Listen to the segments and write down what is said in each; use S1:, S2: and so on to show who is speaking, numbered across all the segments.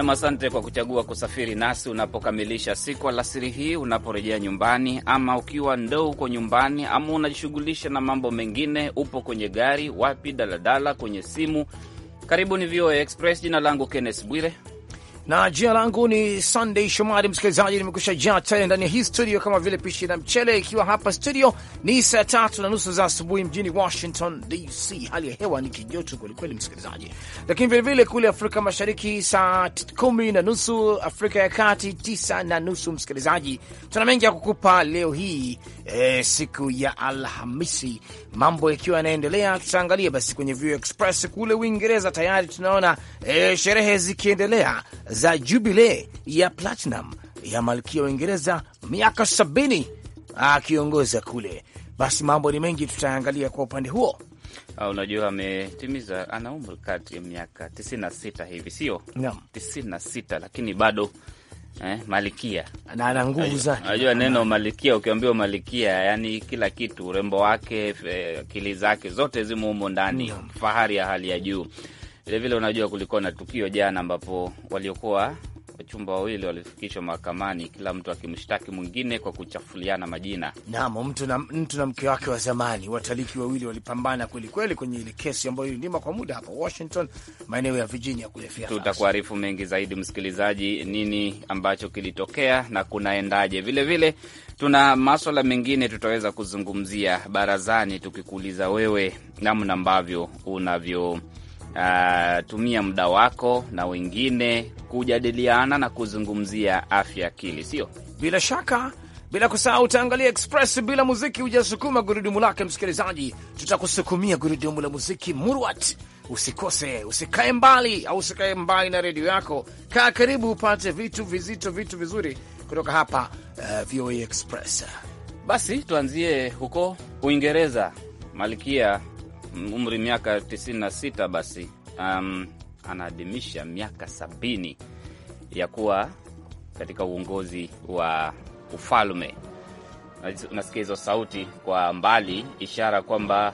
S1: Nam, asante kwa kuchagua kusafiri nasi unapokamilisha siku alasiri hii, unaporejea nyumbani, ama ukiwa ndo uko nyumbani, ama unajishughulisha na mambo mengine, upo kwenye gari, wapi, daladala, kwenye simu. Karibu ni VOA Express. Jina langu Kenneth Bwire,
S2: na jina langu ni Sunday Shomari. Msikilizaji, nimekusha jaa tele ndani ya hii studio kama vile pishi la mchele, ikiwa hapa studio ni saa tatu na nusu za asubuhi mjini Washington DC. Hali ya hewa ni kijoto kwelikweli, msikilizaji, lakini vilevile kule Afrika Mashariki saa kumi na nusu, Afrika ya Kati tisa na nusu. Msikilizaji, tuna mengi ya kukupa leo hii e, siku ya Alhamisi, mambo yakiwa yanaendelea. Tutaangalia basi kwenye View Express kule Uingereza, tayari tunaona e, sherehe zikiendelea za jubilee ya platinum ya malkia Uingereza, miaka sabini akiongoza kule. Basi mambo ni mengi, tutaangalia kwa upande huo.
S1: Ah, unajua, ametimiza ana umri kati ya miaka 96 hivi, sio 96, lakini bado Eh, malikia
S3: na ana nguvu zake. Unajua
S1: neno malikia, ukiambiwa malikia, yani kila kitu, urembo wake, akili zake zote zimo humo ndani, fahari ya hali ya juu. Vilevile unajua kulikuwa na tukio jana ambapo waliokuwa wachumba wawili walifikishwa mahakamani, kila mtu akimshtaki mwingine kwa kuchafuliana majina.
S2: Naam, mtu na mtu na mke wake wa zamani, wataliki wawili walipambana kwelikweli kwenye ile kesi ambayo ilindima kwa muda hapa Washington, maeneo ya Virginia kule Fairfax.
S1: Tutakuarifu mengi zaidi msikilizaji, nini ambacho kilitokea na kunaendaje. Vilevile tuna maswala mengine tutaweza kuzungumzia barazani, tukikuuliza wewe namna ambavyo unavyo Uh, tumia muda wako na wengine kujadiliana na kuzungumzia afya akili, sio bila shaka bila kusahau utaangalia Express bila muziki
S2: hujasukuma gurudumu lake. Msikilizaji, tutakusukumia gurudumu la muziki murwat. Usikose, usikae mbali au usikae mbali na redio yako, kaa karibu, upate vitu vizito, vitu vizuri kutoka hapa uh, eh, VOA Express.
S1: Basi tuanzie huko Uingereza, malkia umri miaka 96 basi um, anaadhimisha miaka sabini ya kuwa katika uongozi wa ufalme. Unasikia hizo sauti kwa mbali, ishara kwamba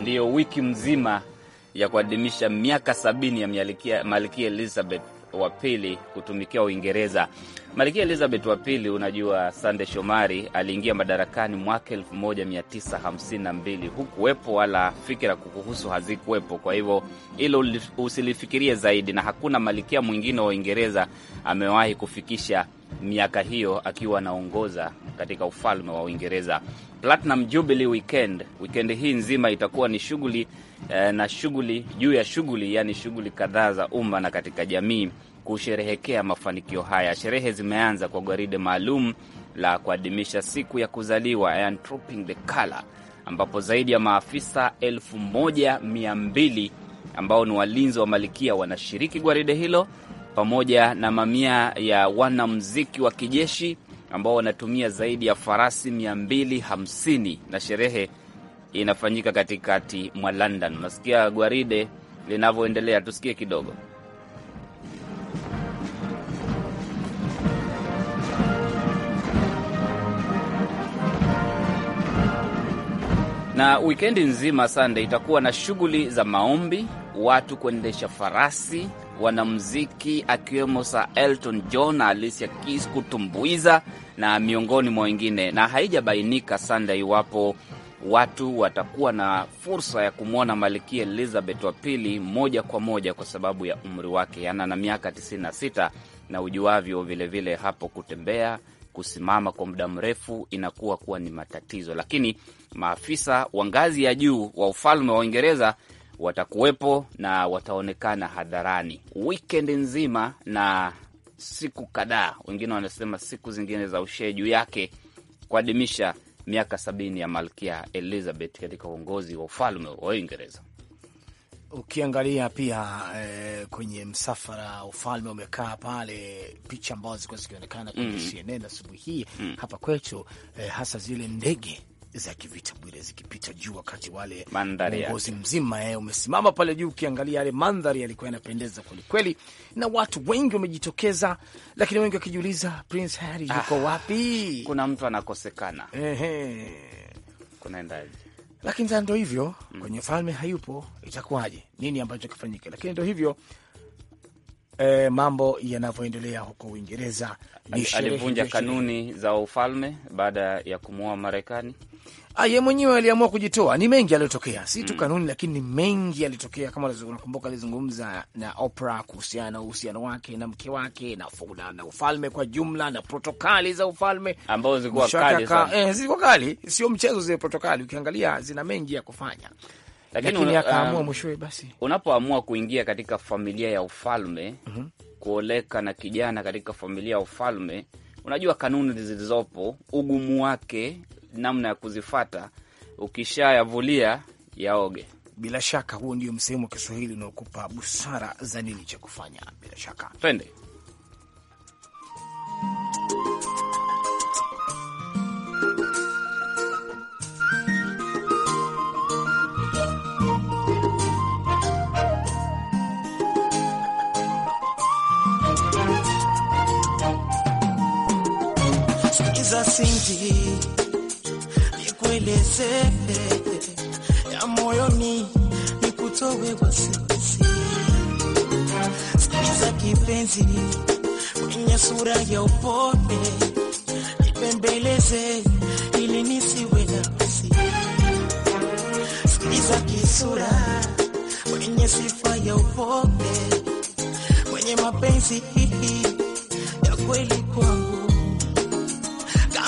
S1: ndiyo wiki mzima ya kuadhimisha miaka sabini ya Malkia Elizabeth wa pili kutumikia Uingereza. Malkia Elizabeth wa pili, unajua Sande Shomari, aliingia madarakani mwaka 1952 hukuwepo wala fikira kukuhusu hazikuwepo. Kwa hivyo hilo usilifikirie zaidi, na hakuna malkia mwingine wa Uingereza amewahi kufikisha miaka hiyo akiwa anaongoza katika ufalme wa Uingereza. Platinum Jubilee weekend, weekend hii nzima itakuwa ni shughuli eh, na shughuli juu ya shughuli, yani shughuli kadhaa za umma na katika jamii kusherehekea mafanikio haya. Sherehe zimeanza kwa gwaride maalum la kuadhimisha siku ya kuzaliwa, yani Trooping the ambapo zaidi ya maafisa elfu moja mia mbili ambao ni walinzi wa malikia wanashiriki gwaride hilo pamoja na mamia ya wanamuziki wa kijeshi ambao wanatumia zaidi ya farasi 250 na sherehe inafanyika katikati mwa London. Unasikia gwaride linavyoendelea, tusikie kidogo. Na wikendi nzima Sunday itakuwa na shughuli za maombi, watu kuendesha farasi wanamziki akiwemo sa Elton John na Alicia Keys kutumbuiza na miongoni mwa wengine, na haijabainika sanda iwapo watu watakuwa na fursa ya kumwona Malkia Elizabeth wa pili moja kwa moja kwa sababu ya umri wake. Ana na miaka 96 na ujuavyo vilevile, hapo kutembea kusimama kwa muda mrefu inakuwa kuwa ni matatizo, lakini maafisa wa ngazi ya juu wa ufalme wa Uingereza watakuwepo na wataonekana hadharani wkend nzima na siku kadhaa, wengine wanasema siku zingine za ushee, juu yake kuadhimisha miaka sabini ya Malkia Elizabeth katika uongozi wa ufalme wa Uingereza.
S2: Ukiangalia pia e, kwenye msafara ufalme umekaa pale, picha ambazo zilikuwa zikionekana kwenye mm-hmm. CNN asubuhi hii mm-hmm. hapa kwetu e, hasa zile ndege za kivita Bwire, zikipita juu, wakati wale mwongozi mzima eh, umesimama pale juu, ukiangalia yale mandhari yalikuwa yanapendeza kwelikweli, na watu wengi wamejitokeza, lakini wengi
S1: wakijiuliza Prince Harry ah, yuko ah, wapi? Kuna mtu anakosekana
S2: eh, kunaendaje? Lakini sasa ndo hivyo mm, kwenye falme hayupo, itakuwaje? Nini ambacho kifanyike? Lakini ndo hivyo eh, mambo yanavyoendelea huko Uingereza.
S1: Alivunja kanuni za ufalme baada ya kumuoa Marekani.
S2: Ah, ye mwenyewe aliamua kujitoa. Ni mengi yaliyotokea, si tu mm, kanuni, lakini mengi yalitokea. Kama unakumbuka, alizungumza na Oprah kuhusiana na uhusiano wake na mke wake na, na ufalme kwa jumla na protokali za ufalme ambazo zilikuwa kali, eh, zilikuwa kali, sio mchezo.
S1: Zile protokali ukiangalia zina mengi ya kufanya lakini una, akaamua um, mwishowe basi unapoamua kuingia katika familia ya ufalme mm -hmm. kuoleka na kijana katika familia ya ufalme, unajua kanuni zilizopo, ugumu wake, namna ya kuzifata, ukishayavulia yaoge
S2: bila shaka huo ndio msehemu wa Kiswahili unaokupa busara za nini cha kufanya. Bila shaka
S1: twende
S4: Sindi nikueleze ya moyoni, nikutowe wasiwasi. Sikiza kipenzi, kwenye sura ya upole nipembeleze, ili nisiwe na wasi. Sikiza kisura, kwenye sifa ya upole, kwenye mapenzi ya kweli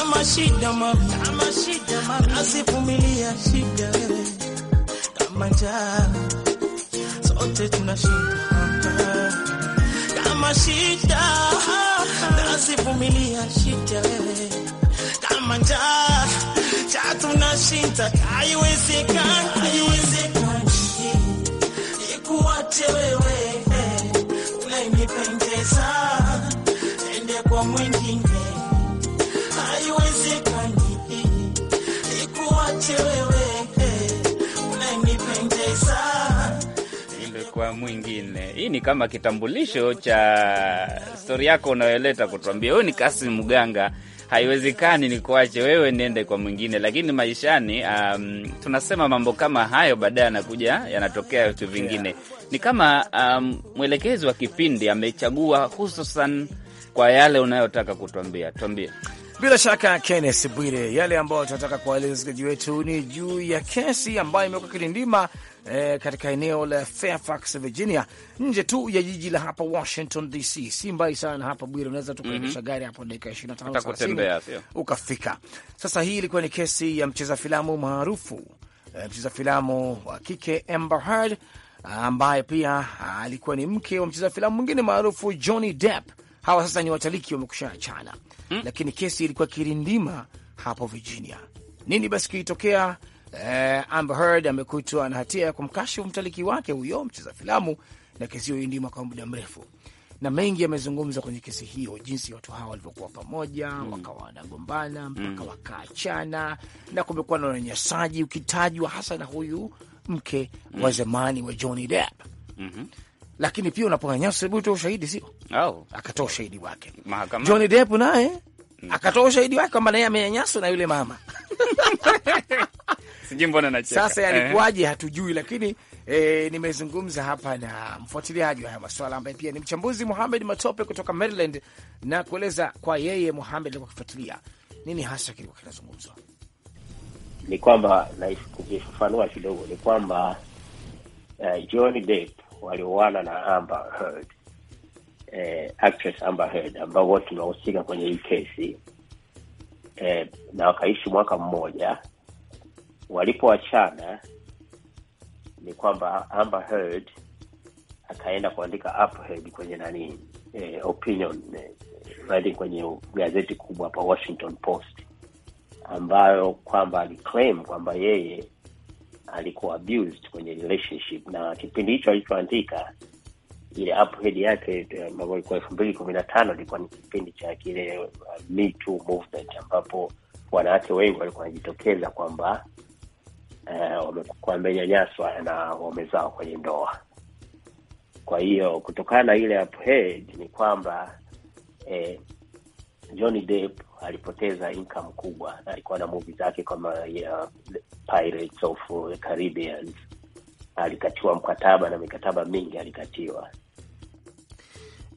S4: kama shida mami, kama shida mami, asivumilia shida wewe, kama njaa sote tunashinda hapa. Kama shida asivumilia shida wewe, kama njaa cha tunashinda, haiwezekani, haiwezekani ikuache wewe, eh. unayenipendeza ende kwa mwingine
S1: kwa mwingine. Hii ni kama kitambulisho cha stori yako unayoleta kutuambia, huyu ni Kasim Mganga, haiwezekani nikuache wewe niende kwa mwingine. Lakini maishani, um, tunasema mambo kama hayo, baadaye yanakuja yanatokea vitu vingine. Ni kama um, mwelekezi wa kipindi amechagua hususan kwa yale unayotaka kutuambia, tuambie.
S2: Bila shaka Kennes Bwire, yale ambayo tunataka kuwaeleza wasikilizaji wetu ni juu ya kesi ambayo imekuwa kilindima eh, katika eneo la Fairfax, Virginia, nje tu ya jiji la hapa Washington DC. Si mbali sana hapa Bwire, unaweza mm -hmm. gari hapo dakika na 25 ukafika. Sasa hii ilikuwa ni kesi ya mcheza filamu maarufu eh, mcheza filamu wa kike Amber Heard ambaye pia alikuwa ni mke wa mcheza filamu mwingine maarufu Johnny Depp. Hawa sasa ni wataliki, wamekusha mm. Lakini kesi ilikuwa kirindima hapo Virginia. Nini basi kilitokea? Eh, Amber Heard amekutwa na hatia ya kumkashifu mtaliki wake huyo mcheza filamu, na kesi hiyo indima kwa muda mrefu, na mengi yamezungumza kwenye kesi hiyo, jinsi watu hawa walivyokuwa pamoja mm. wakawa wanagombana hmm. mpaka mm. wakaachana, na kumekuwa na unyanyasaji ukitajwa hasa na huyu mke mm. wa hmm. zamani wa Johnny Depp mm -hmm lakini pia unaponyanyasa hebu utoe ushahidi, sio oh? Akatoa ushahidi wake mahakamani. Johnny Depp naye mm. akatoa ushahidi wake kwamba naye amenyanyaswa na yule mama
S1: sijui mbona nacheka. Sasa eh. yalikuwaje
S2: hatujui, lakini e, nimezungumza hapa na mfuatiliaji wa haya maswala ambaye pia ni mchambuzi Muhamed Matope kutoka Maryland, na kueleza kwa yeye Muhamed alikuwa akifuatilia nini hasa kilikuwa kinazungumzwa.
S5: Ni kwamba kukifafanua kidogo, ni kwamba uh, eh, Johnny Depp waliuana na Amber Heard, eh, actress Amber Heard ambao wote tunahusika kwenye hii kesi eh, na wakaishi mwaka mmoja. Walipoachana ni kwamba Amber Heard akaenda kuandika op-ed kwenye nani, eh, opinion eh, kwenye gazeti kubwa hapa Washington Post, ambayo kwamba aliclaim kwamba yeye alikuwa abused kwenye relationship, na kipindi hicho alichoandika ile uphead yake ambayo ilikuwa elfu mbili kumi na tano ilikuwa ni kipindi cha kile uh, Me Too movement ambapo wanawake wengi walikuwa wanajitokeza kwamba uh, wamenyanyaswa na wamezaa kwenye ndoa. Kwa hiyo kutokana na ile uphead ni kwamba eh, Johnny Depp alipoteza income kubwa. Alikuwa na movie zake kama ya Pirates of Caribbean, alikatiwa mkataba na mikataba mingi alikatiwa.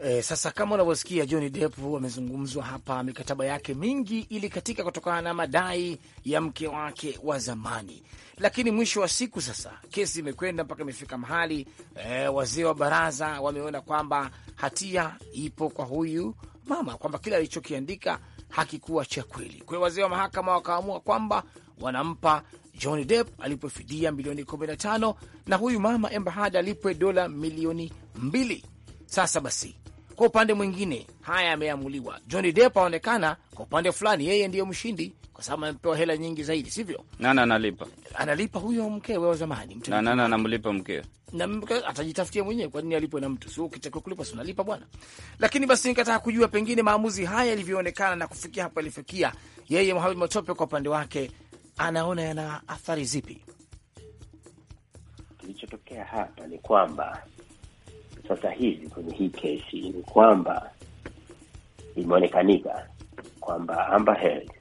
S2: Eh, sasa kama unavyosikia Johnny Depp amezungumzwa hapa, mikataba yake mingi ilikatika kutokana na madai ya mke wake wa zamani, lakini mwisho wa siku sasa kesi imekwenda mpaka imefika mahali eh, wazee wa baraza wameona kwamba hatia ipo kwa huyu mama, kwamba kile alichokiandika hakikuwa cha kweli. Kwa hiyo wazee wa mahakama wakaamua kwamba wanampa Johnny Depp alipwe fidia milioni 15 na huyu mama Amber Heard alipwe dola milioni mbili. Sasa basi, kwa upande mwingine haya yameamuliwa. Johnny Depp aonekana kwa upande fulani yeye ndiyo mshindi kwa sababu amepewa hela nyingi zaidi, sivyo?
S1: Nana analipa,
S2: analipa huyo mkewe wa zamani,
S1: anamlipa mkewe
S2: na atajitafutia mwenyewe, kwa nini alipwe na mtu? Sio ukitakiwa kulipa, si unalipa bwana. Lakini basi nikataka kujua pengine maamuzi haya yalivyoonekana na kufikia hapo yalifikia, yeye Mohamed Matope kwa upande wake anaona yana athari zipi?
S5: Kilichotokea hapa ni kwamba sasa hivi kwenye hii kesi ni kwamba imeonekanika kwamba Amber Heard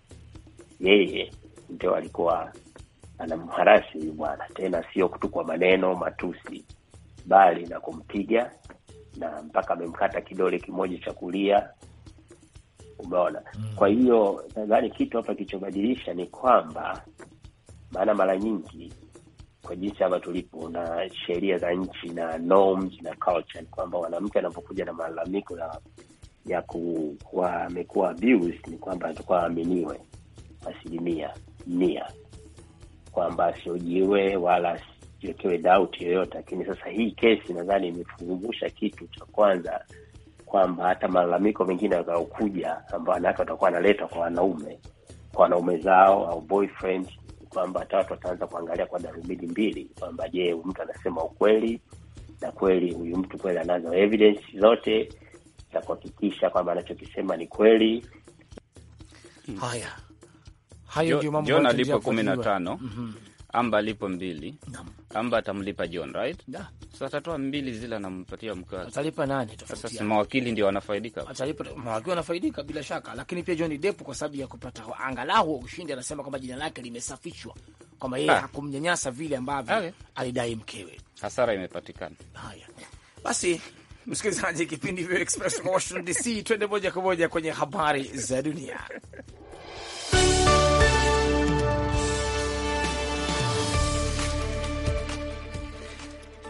S5: yeye ndio alikuwa anamharasi huyu bwana, tena sio tu kwa maneno matusi, bali na kumpiga na mpaka amemkata kidole kimoja cha kulia. Umeona? Mm. Kwa hiyo nadhani kitu hapa kilichobadilisha ni kwamba, maana mara nyingi kwa jinsi hapa tulipo na sheria za nchi na norms na culture, ni kwamba mwanamke anapokuja na malalamiko ya ya kuwa amekuwa abused, ni kwamba atakuwa aaminiwe asilimia mia kwamba asiojiwe wala asiwekewe doubt yoyote. Lakini sasa hii kesi nadhani imefungusha kitu cha kwanza kwamba hata malalamiko mengine yatakayokuja ambayo wanawake watakuwa analetwa kwa wanaume kwa wanaume zao au boyfriend, kwamba hata watu wataanza kuangalia kwa darubini mbili kwamba je, huyu mtu anasema ukweli na kweli huyu mtu kweli anazo evidence zote za kuhakikisha kwamba anachokisema ni kweli.
S3: Haya, hayo ndio mambo. John alipo kumi na tano mhm.
S1: Amba alipo mbili no. Amba atamlipa John right? Sasa so, atatoa mbili zile anampatia mke wake. Atalipa nani tofauti? Sasa mawakili ndio wanafaidika,
S2: atalipa mawakili wanafaidika bila shaka, lakini pia John Depp kwa sababu ya kupata angalau ushindi, anasema kwamba jina lake limesafishwa kwamba yeye ha, ah. hakumnyanyasa vile ambavyo alidai mkewe.
S1: Hasara imepatikana. Haya
S2: basi, msikilizaji, kipindi vya Express kutoka Washington DC, twende moja kwa moja kwenye habari za dunia.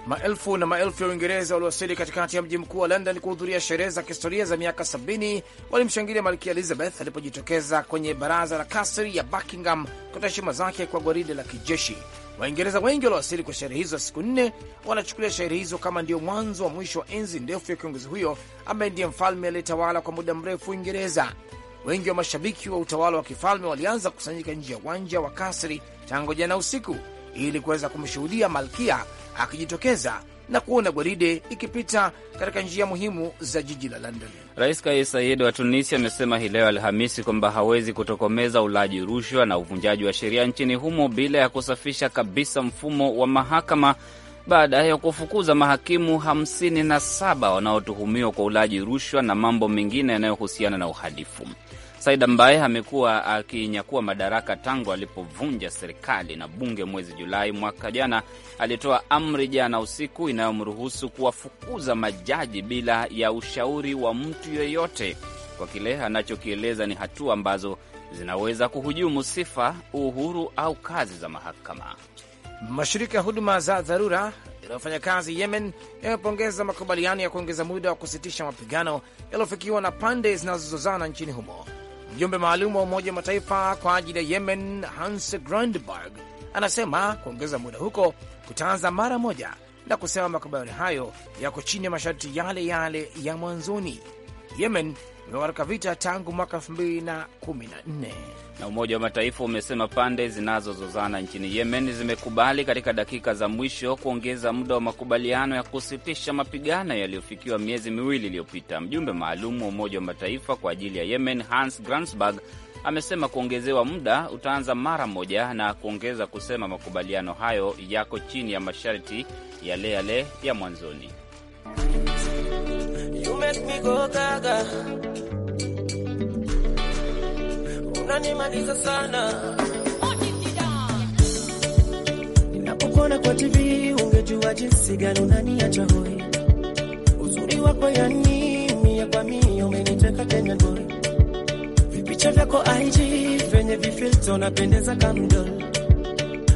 S2: Maelfu na maelfu ya Uingereza waliowasili katikati ya mji mkuu wa London kuhudhuria sherehe za kihistoria za miaka 70 walimshangilia Malkia Elizabeth alipojitokeza kwenye baraza la kasri ya Buckingham kutoa heshima zake kwa gwaride la kijeshi. Waingereza wengi waliowasili kwa sherehe hizo siku nne wanachukulia sherehe hizo kama ndio mwanzo wa mwisho wa enzi ndefu ya kiongozi huyo ambaye ndiye mfalme aliyetawala kwa muda mrefu Uingereza. Wengi wa mashabiki wa utawala wa kifalme walianza kukusanyika nje ya uwanja wa kasri tangu jana usiku ili kuweza kumshuhudia malkia akijitokeza na kuona gwaride ikipita katika njia muhimu za jiji la London.
S1: Rais Kais Saied wa Tunisia amesema hii leo Alhamisi kwamba hawezi kutokomeza ulaji rushwa na uvunjaji wa sheria nchini humo bila ya kusafisha kabisa mfumo wa mahakama baada ya kufukuza mahakimu 57 wanaotuhumiwa kwa ulaji rushwa na mambo mengine yanayohusiana na uhalifu. Said ambaye amekuwa akinyakua madaraka tangu alipovunja serikali na bunge mwezi Julai mwaka jana, alitoa amri jana usiku inayomruhusu kuwafukuza majaji bila ya ushauri wa mtu yeyote kwa kile anachokieleza ni hatua ambazo zinaweza kuhujumu sifa, uhuru au kazi za mahakama.
S2: Mashirika ya huduma za dharura yanayofanya kazi Yemen yamepongeza makubaliano ya kuongeza muda wa kusitisha mapigano yaliyofikiwa na pande zinazozozana nchini humo Mjumbe maalum wa Umoja Mataifa kwa ajili ya Yemen Hans Grundberg anasema kuongeza muda huko kutaanza mara moja, na kusema makubaliano hayo yako chini ya masharti yale yale ya mwanzoni. Yemen imekuwa katika vita tangu mwaka 2014
S1: na Umoja wa Mataifa umesema pande zinazozozana nchini Yemen zimekubali katika dakika za mwisho kuongeza muda wa makubaliano ya kusitisha mapigano yaliyofikiwa miezi miwili iliyopita. Mjumbe maalum wa Umoja wa Mataifa kwa ajili ya Yemen, Hans Gransberg, amesema kuongezewa muda utaanza mara moja, na kuongeza kusema makubaliano hayo yako chini ya masharti yale yale ya mwanzoni.
S6: You make me go gaga. Unanimaliza sana. Ninapokuona kwa TV ungejua jinsi gani unaniacha hoi. Uzuri wako yani mia kwa mia umeniteka tena boy. Vipicha vyako IG venye vifilto napendeza kamdol.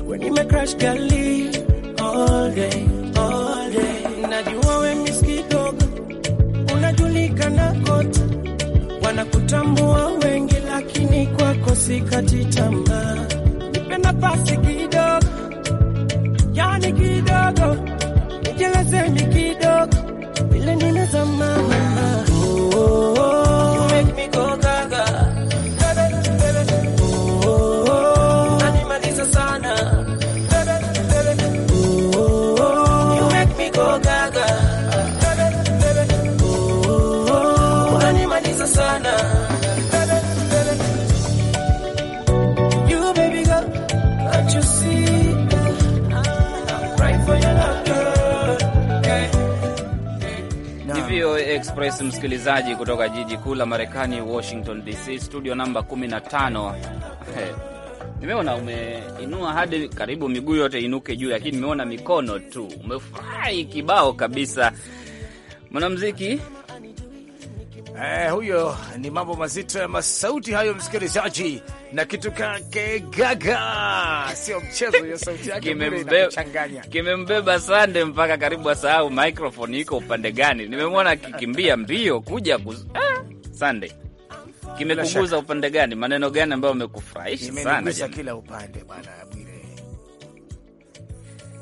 S6: When you make crash girl all day all day. Najua wewe kupatikana kote, wanakutambua wengi, lakini kwako sikati tamaa. Nipe nafasi kidogo, yani kidogo, nijelezeni kidogo, vile ninazamana
S1: Express, msikilizaji, kutoka jiji kuu la Marekani, Washington DC, studio namba 15. Nimeona umeinua hadi karibu miguu yote inuke juu, lakini nimeona mikono tu. Umefurahi kibao kabisa, mwanamuziki Eh, huyo ni mambo mazito
S2: ya masauti hayo, msikilizaji, na kitu kake gaga, sio
S1: mchezo hiyo. Sauti yake kimembeba, kimembeba Sande mpaka karibu asahau microphone iko upande gani. Nimemwona akikimbia mbio kuja kuz... ah, Sande
S2: kimekuguza
S1: upande gani? Maneno gani ambayo amekufurahisha sana? Kila upande
S2: bwana Bwire.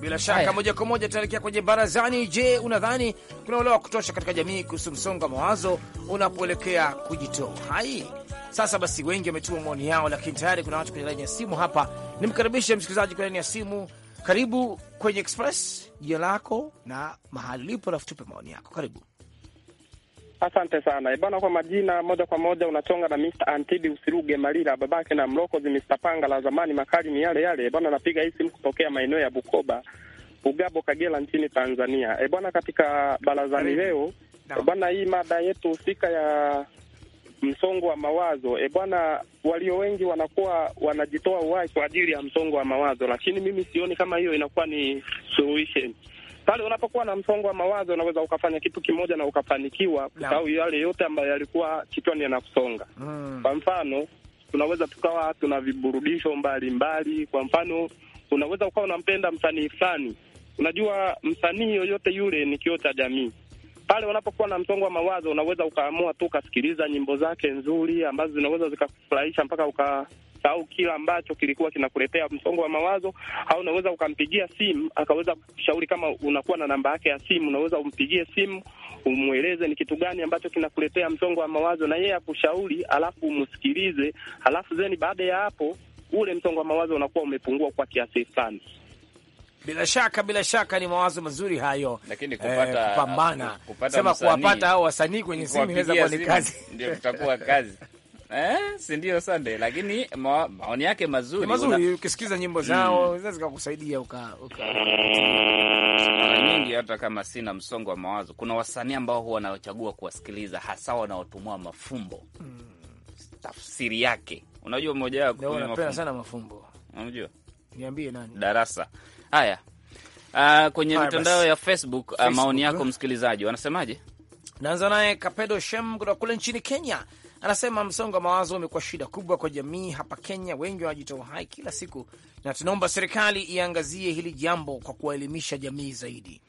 S2: Bila shaka moja kwa moja tunaelekea kwenye barazani. Je, unadhani kuna uelewa wa kutosha katika jamii kuhusu msongo wa mawazo unapoelekea kujitoa hai? Sasa basi, wengi wametuma maoni yao, lakini tayari kuna watu kwenye laini ya simu hapa. Nimkaribishe msikilizaji kwenye laini ya simu. Karibu kwenye Express, jina lako na mahali ulipo, alafu tupe maoni yako. Karibu.
S7: Asante sana ebana eh, Kwa majina moja kwa moja unachonga na Mr. antibi Usiruge Malila, babake na mlokozi Mr. Panga la zamani, makali ni yale yale eh, bana Napiga hii simu kutokea maeneo ya Bukoba, Bugabo, Kagera nchini Tanzania. E bwana, katika barazani leo no. Bwana, hii mada yetu husika ya msongo wa mawazo e bwana, walio wengi wanakuwa wanajitoa uhai kwa ajili ya msongo wa mawazo, lakini mimi sioni kama hiyo inakuwa ni solution pale unapokuwa na msongo wa mawazo unaweza ukafanya kitu kimoja na ukafanikiwa kusahau yale yote ambayo yalikuwa kichwani yanakusonga. Mm. Kwa mfano tunaweza tukawa tuna viburudisho mbalimbali. Kwa mfano unaweza ukawa unampenda msanii fulani. Unajua, msanii yoyote yule ni kioo cha jamii. Pale unapokuwa na msongo wa mawazo, unaweza ukaamua tu ukasikiliza nyimbo zake nzuri ambazo zinaweza zikakufurahisha mpaka uka au kila ambacho kilikuwa kinakuletea msongo wa mawazo, au unaweza ukampigia simu akaweza kushauri. Kama unakuwa na namba yake ya simu, unaweza umpigie simu umweleze ni kitu gani ambacho kinakuletea msongo wa mawazo, na yeye akushauri, alafu umsikilize, alafu zeni, baada ya hapo ule msongo wa mawazo unakuwa umepungua kwa kiasi fulani.
S2: Bila shaka bila shaka ni mawazo mazuri hayo, lakini eh, kupata kupambana, sema kuwapata hao
S1: wasanii kwenye simu inaweza kuwa ni kazi, ndio tutakuwa kazi eh, si ndio Sunday, lakini ma, maoni yake mazuri mazuri. Ukisikiza nyimbo zao mm, zinaweza
S2: zikakusaidia uka, uka.
S1: Mara nyingi hata kama sina msongo wa mawazo, kuna wasanii ambao huwa wanachagua kuwasikiliza, hasa wanaotumua mafumbo mm, tafsiri yake. Unajua mmoja wako anapenda sana mafumbo, unajua niambie nani? Darasa haya Uh, kwenye mitandao ya Facebook, ah, Facebook, uh, maoni eh? yako msikilizaji wanasemaje?
S2: Naanza naye Kapedo Shem kutoka kule nchini Kenya anasema msongo wa mawazo umekuwa shida kubwa kwa jamii hapa Kenya. Wengi wanajitoa uhai kila siku, na tunaomba serikali iangazie hili jambo kwa kuwaelimisha jamii zaidi.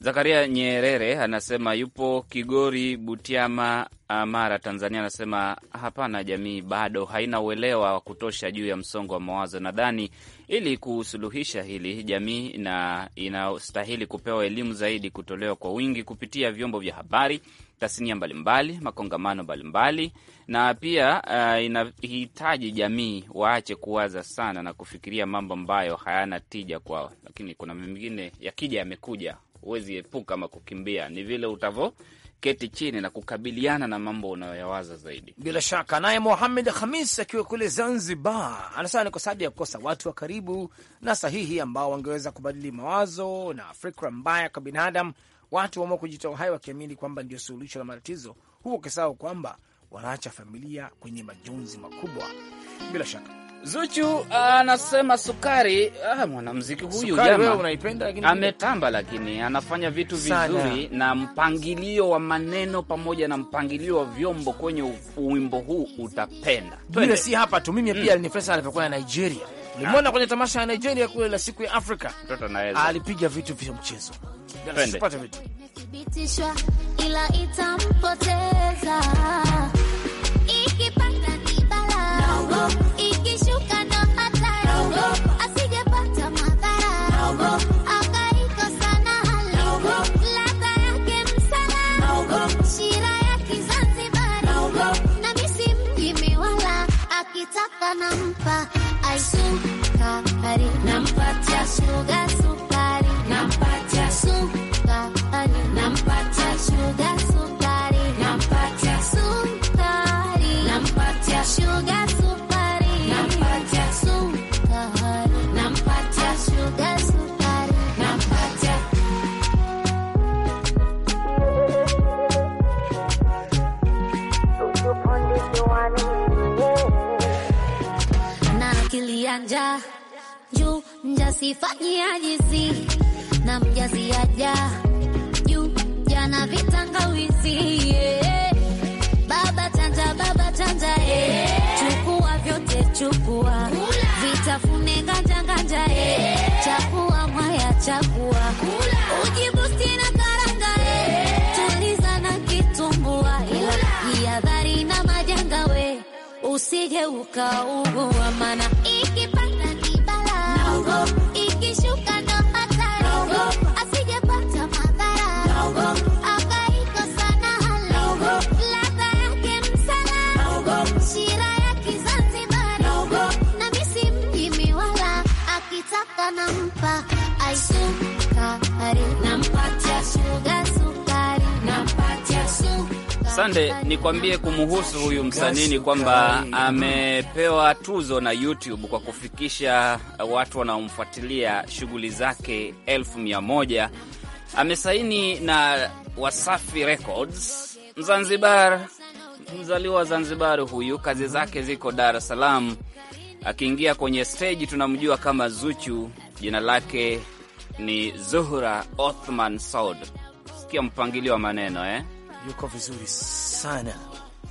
S1: Zakaria Nyerere anasema yupo Kigori, Butiama, uh, Mara, Tanzania. Anasema hapana, jamii bado haina uelewa wa kutosha juu ya msongo wa mawazo. Nadhani ili kusuluhisha hili, jamii na inastahili kupewa elimu zaidi, kutolewa kwa wingi kupitia vyombo vya habari tasnia mbalimbali, makongamano mbalimbali, na pia uh, inahitaji jamii waache kuwaza sana na kufikiria mambo ambayo hayana tija kwao, lakini kuna mengine yakija yamekuja, huwezi epuka ama kukimbia, ni vile utavo keti chini na kukabiliana na mambo unayoyawaza zaidi. Bila shaka, naye muhamed Khamis akiwa kule Zanzibar anasema ni kwa sababu ya kukosa watu wa karibu
S2: na sahihi ambao wangeweza kubadili mawazo na fikra mbaya kwa binadamu Watu waamua kujitoa uhai wakiamini kwamba ndio suluhisho la matatizo, huku wakisahau kwamba wanaacha familia
S1: kwenye majonzi makubwa. Bila shaka Zuchu ah, anasema sukari. uh, ah, mwanamziki huyu ametamba, lakini anafanya vitu vizuri na mpangilio wa maneno pamoja na mpangilio wa vyombo kwenye wimbo huu utapenda. si hapa tu, mimi pia mm. alinifesa alivyokuwa na Nigeria Nimeona
S2: kwenye tamasha ya Nigeria kule la siku ya Afrika,
S1: mtoto anaweza alipiga vitu vya mchezo, asipate
S2: vitu
S8: ila itampoteza ikipata kibala ikishu chukua, vitafune nganja nganja, chakua mwaya chakua, ujibusti na karanga, eh. tuliza na kitumbua, ila eh. jihadhari na majanga, we eh. usije ukaugua, maana
S1: Sande, nikwambie kumuhusu huyu msanii ni kwamba amepewa tuzo na YouTube kwa kufikisha watu wanaomfuatilia shughuli zake elfu mia moja. Amesaini na Wasafi Records, Mzanzibar, mzaliwa wa Zanzibar huyu. Kazi zake ziko Dar es Salaam. Akiingia kwenye steji tunamjua kama Zuchu, jina lake ni Zuhura Othman Saud. Sikia mpangilio wa maneno eh?
S2: Yuko vizuri sana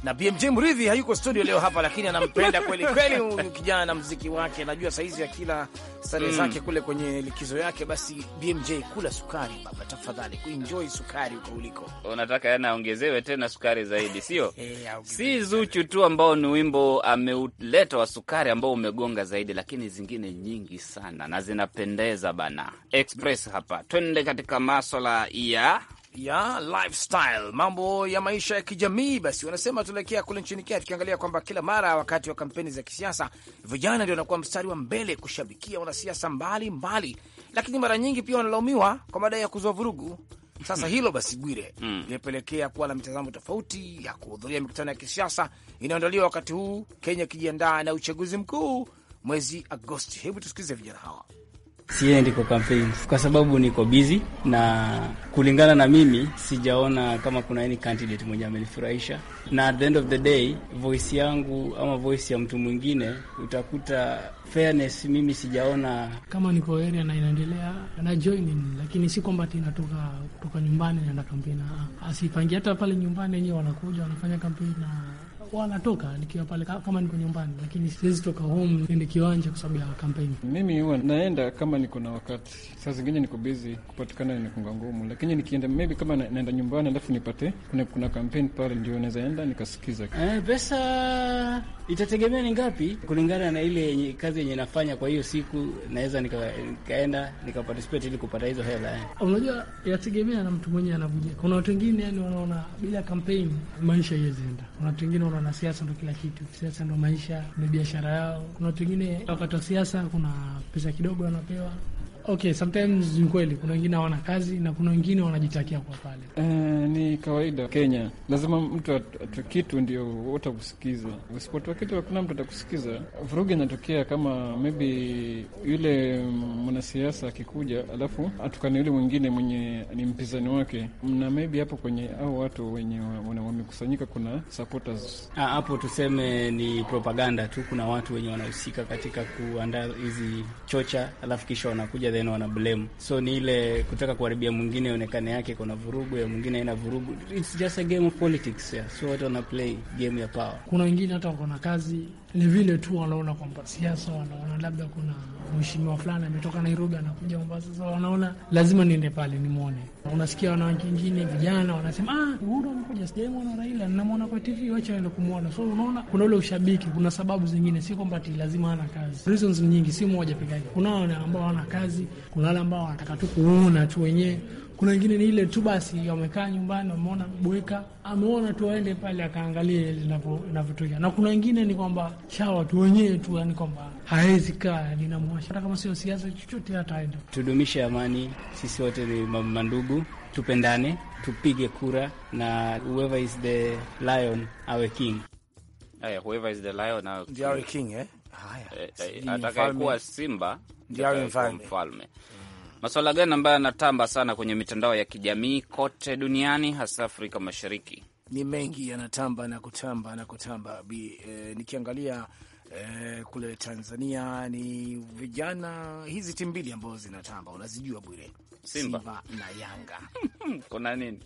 S2: na BMJ Mridhi hayuko studio leo hapa, lakini anampenda kweli kweli huyu kijana na mziki wake. Najua saizi ya kila starehe mm. zake kule kwenye likizo yake. Basi BMJ, kula sukari baba, tafadhali kuenjoy sukari
S1: huko uliko. Unataka yana ongezewe tena sukari zaidi, sio? Eh, si Zuchu tu ambao ni wimbo ameuleta wa sukari ambao umegonga zaidi, lakini zingine nyingi sana na zinapendeza bana. Express hapa, twende katika maswala ya ya
S2: lifestyle, mambo ya maisha ya kijamii. Basi wanasema tuelekea kule nchini Kenya, tukiangalia kwamba kila mara wakati wa kampeni za kisiasa vijana ndio wanakuwa mstari wa mbele kushabikia wanasiasa mbalimbali, lakini mara nyingi pia wanalaumiwa kwa madai ya kuzua vurugu. Sasa hilo basi, Bwire, mm. limepelekea mm. kuwa na mitazamo tofauti ya kuhudhuria mikutano ya kisiasa inayoandaliwa wakati huu Kenya ikijiandaa na uchaguzi mkuu mwezi Agosti. Hebu tusikilize vijana hawa.
S9: Siendi kwa kampeni kwa sababu niko busy, na kulingana na mimi sijaona kama kuna any candidate mwenye amenifurahisha, na at the end of the day voice yangu ama voice ya mtu mwingine utakuta fairness, mimi sijaona
S3: kama niko area na inaendelea na joining, lakini si kwamba tinatoka kutoka nyumbani naenda kampeni, asipangi ah, ah, hata pale nyumbani wenyewe wanakuja wanafanya kampeni na wanatoka nikiwa pale kama niko nyumbani, lakini siwezi toka home niende kiwanja kwa sababu ya kampeni. Mimi huwa naenda
S9: kama niko na wakati, saa zingine niko busy kupatikana nikunga ngumu, lakini nikienda maybe kama na, naenda nyumbani alafu nipate kuna, kuna kampeni pale ndio naweza enda nikasikiza. Eh, pesa itategemea ni ngapi kulingana na ile kazi yenye nafanya kwa hiyo siku, naweza nikaenda nikaparticipate ili kupata hizo hela. eh.
S3: Unajua, yategemea na mtu mwenyewe anavuja. Kuna watu wengine yani wanaona bila kampeni maisha iwezienda, kuna watu wengine wanaona na siasa ndo kila kitu, siasa ndo maisha, ndo biashara yao. Kuna watu wengine wakati wa siasa kuna pesa kidogo wanapewa Okay, sometimes ni kweli, kuna wengine hawana kazi na kuna wengine wanajitakia kwa pale.
S9: Eh, ni kawaida Kenya, lazima mtu atoe kitu ndio utakusikiza. Usipotoa kitu hakuna mtu atakusikiza. Vurugu inatokea kama maybe yule mwanasiasa akikuja, alafu atukane yule mwingine mwenye ni mpinzani wake, na maybe hapo kwenye au watu wenye wamekusanyika kuna supporters ah, hapo, tuseme ni propaganda tu. Kuna watu wenye wanahusika katika kuandaa hizi chocha, alafu kisha wanakuja then wana blame. So ni ile kutaka kuharibia mwingine onekane yake kuna vurugu ya mwingine haina vurugu. It's just a game of politics yeah. So watu wana play game ya power.
S3: Kuna wengine hata wako na kazi, ni vile tu wanaona kwamba siasa, wanaona labda kuna mheshimiwa fulani ametoka Nairobi anakuja Mombasa, so wanaona lazima niende pale nimwone Unasikia wanawake wengine vijana wanasema ah, Uhuru amekuja, sijaimwona Raila, namwona kwa TV, wacha ende kumwona. So unaona kuna ule ushabiki, kuna sababu zingine, si kwamba ti lazima ana kazi. Reasons nyingi, si moja peke yake. Kuna wale ambao wana kazi, kuna wale ambao wanataka tu kuona tu wenyewe kuna wengine ni ile tu basi, wamekaa nyumbani, wameona bweka, ameona tu aende pale akaangalie inavyotokea, Na kuna wengine ni kwamba chawa tu wenyewe tu, yani kwamba hawezi kaa, linamwasha hata kama sio siasa chochote, hata aenda.
S9: Tudumishe amani, sisi wote ni mandugu, tupendane, tupige kura na whoever is the lion awe king.
S1: Hey, whoever is the lion awe king, eh? eh Haya, eh, simba mfalme. Masuala gani ambayo yanatamba sana kwenye mitandao ya kijamii kote duniani hasa Afrika Mashariki?
S2: Ni mengi yanatamba na kutamba na kutamba bi, e, nikiangalia e, kule Tanzania ni vijana, hizi timu mbili ambazo zinatamba unazijua bwire, Simba, Simba na Yanga kuna nini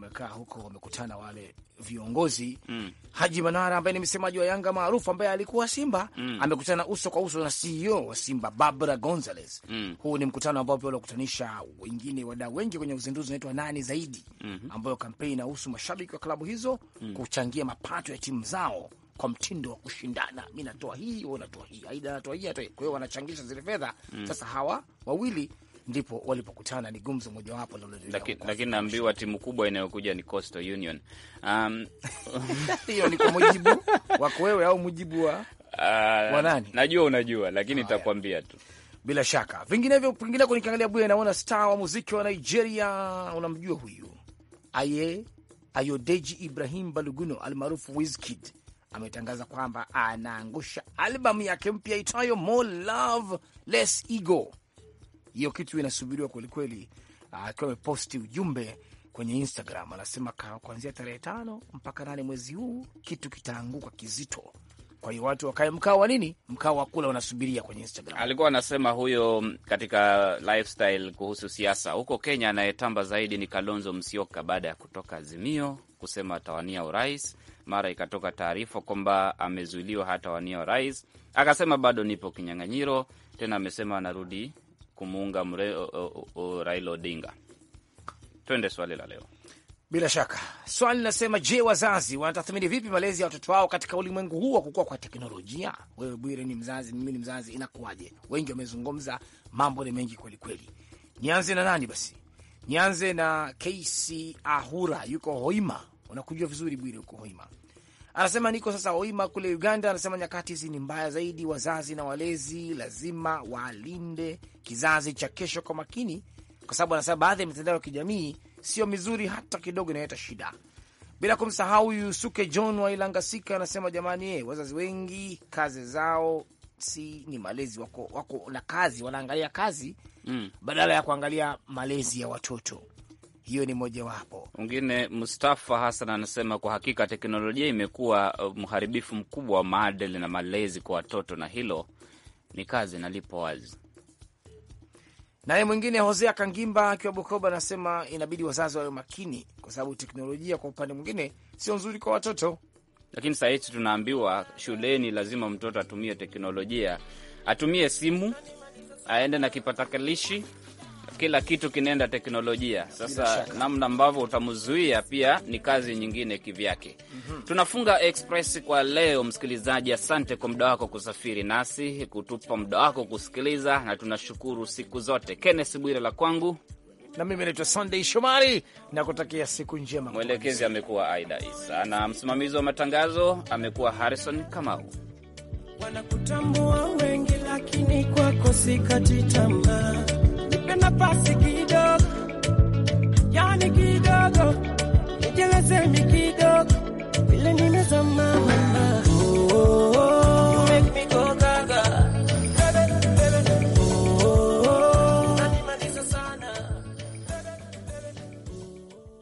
S2: wamekaa huko, wamekutana wale viongozi mm. Haji Manara ambaye ni msemaji wa Yanga maarufu ambaye alikuwa Simba mm. amekutana uso kwa uso na CEO wa Simba Barbara Gonzalez mm. Huu ni mkutano ambao pia unakutanisha wengine wadau wengi kwenye uzinduzi unaitwa nani zaidi mm -hmm. ambayo kampeni inahusu mashabiki wa klabu hizo mm. kuchangia mapato ya timu zao kwa mtindo wa kushindana, mi natoa hii, wewe unatoa hii, aida anatoa hii. Kwa hiyo wanachangisha zile fedha
S8: mm.
S1: Sasa
S2: hawa wawili ndipo walipokutana. Ni gumzo mojawapo,
S1: lakini naambiwa timu kubwa inayokuja ni Coastal Union. Um, Hiyo um... ni kwa mujibu
S2: wako wewe au mujibu wa
S1: uh, wanani? Najua unajua, lakini nitakwambia tu bila shaka.
S2: Vinginevyo pengineko, nikiangalia Bwire, naona star wa muziki wa Nigeria, unamjua huyu aye Ayodeji Ibrahim Baluguno almaarufu Wizkid ametangaza kwamba anaangusha albamu yake mpya itayo More Love Less Ego hiyo kitu inasubiriwa kwelikweli. Ah, akiwa ameposti ujumbe kwenye Instagram anasema kuanzia tarehe tano mpaka nane mwezi huu kitu kitaanguka kizito. Kwa hiyo watu wakae mkao wa nini, mkao wa kula, wanasubiria kwenye Instagram.
S1: Alikuwa anasema huyo mm, katika lifestyle kuhusu siasa huko Kenya, anayetamba zaidi ni Kalonzo Musyoka baada ya kutoka Azimio kusema atawania urais, mara ikatoka taarifa kwamba amezuiliwa hatawania urais, akasema bado nipo kinyang'anyiro, tena amesema anarudi kumuunga mre, o, o, o, Raila Odinga. Twende swali la leo.
S2: Bila shaka swali linasema, je, wazazi wanatathmini vipi malezi ya watoto wao katika ulimwengu huu wa kukua kwa teknolojia? Wewe Bwire ni mzazi, mimi ni mzazi, inakuwaje? Wengi wamezungumza, mambo ni mengi kwelikweli. Nianze na nani basi? Nianze na KC Ahura, yuko Hoima. Unakujua vizuri Bwire, uko Hoima. Anasema niko sasa Oima kule Uganda. Anasema nyakati hizi ni mbaya zaidi, wazazi na walezi lazima walinde kizazi cha kesho kwa makini, kwa sababu anasema baadhi ya mitandao ya kijamii sio mizuri hata kidogo, inaleta shida. Bila kumsahau Yusuke John wa Ilangasika anasema jamani, ye, eh, wazazi wengi kazi zao si ni malezi, wako, wako na kazi, wanaangalia kazi
S1: mm, badala ya
S2: kuangalia malezi ya watoto hiyo ni mojawapo.
S1: Mwingine Mustafa Hasan anasema kwa hakika teknolojia imekuwa uh, mharibifu mkubwa wa maadili na malezi kwa watoto, na hilo ni kazi lipo wazi.
S2: Naye mwingine Hosea Kangimba akiwa Bukoba anasema inabidi wazazi wawe makini, kwa sababu teknolojia kwa upande mwingine
S1: sio nzuri kwa watoto, lakini saa hizi tunaambiwa shuleni lazima mtoto atumie teknolojia, atumie simu, aende na kipatakalishi kila kitu kinaenda teknolojia. Sasa namna ambavyo utamzuia pia ni kazi nyingine kivyake. mm -hmm. Tunafunga Express kwa leo, msikilizaji, asante kwa muda wako kusafiri nasi, kutupa muda wako kusikiliza, na tunashukuru siku zote. kennes Bwire la kwangu na mimi naitwa Sunday Shomari na kutakia siku njema. Mwelekezi amekuwa Aida Isa na msimamizi wa matangazo amekuwa Harrison Kamau.
S6: Wanakutambua wengi, lakini kwako sikati tamaa nafasi kidogo, yani kidogo, nijelezeni kidogo vile nimezama mama, oh, oh, oh, you make me go